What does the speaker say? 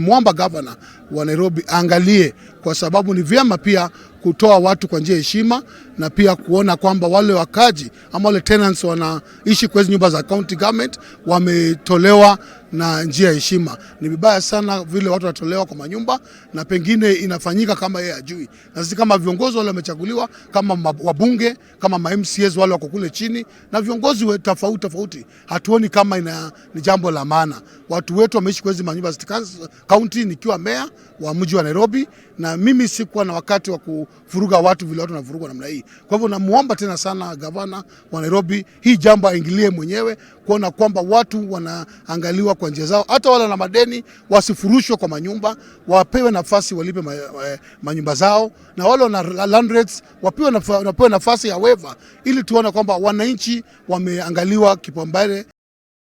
Mwamba gavana wa Nairobi angalie, kwa sababu ni vyema pia kutoa watu kwa njia ya heshima na pia kuona kwamba wale wakaji ama wale tenants wanaishi kwa hizo nyumba za county government wametolewa na njia ya heshima. Ni vibaya sana vile watu wanatolewa kwa manyumba na pengine inafanyika kama yeye ajui, na sisi kama viongozi wale wamechaguliwa kama wabunge kama ma MCAs wale wako kule chini na viongozi tofauti tofauti, hatuoni kama ina, ni jambo la maana. Watu wetu wameishi kwa hizo manyumba za county, nikiwa meya wa mji wa Nairobi na mimi sikuwa na wakati wa ku kuvuruga watu vile watu wanavurugwa namna hii. Kwa hivyo namuomba tena sana gavana wa Nairobi, hii jambo aingilie mwenyewe kuona kwamba watu wanaangaliwa kwa njia zao, hata wale na madeni wasifurushwe kwa manyumba, wapewe nafasi walipe ma, ma, manyumba zao, na wale wana land rates wapewe nafasi ya waiver, ili tuone kwamba wananchi wameangaliwa kipaumbele.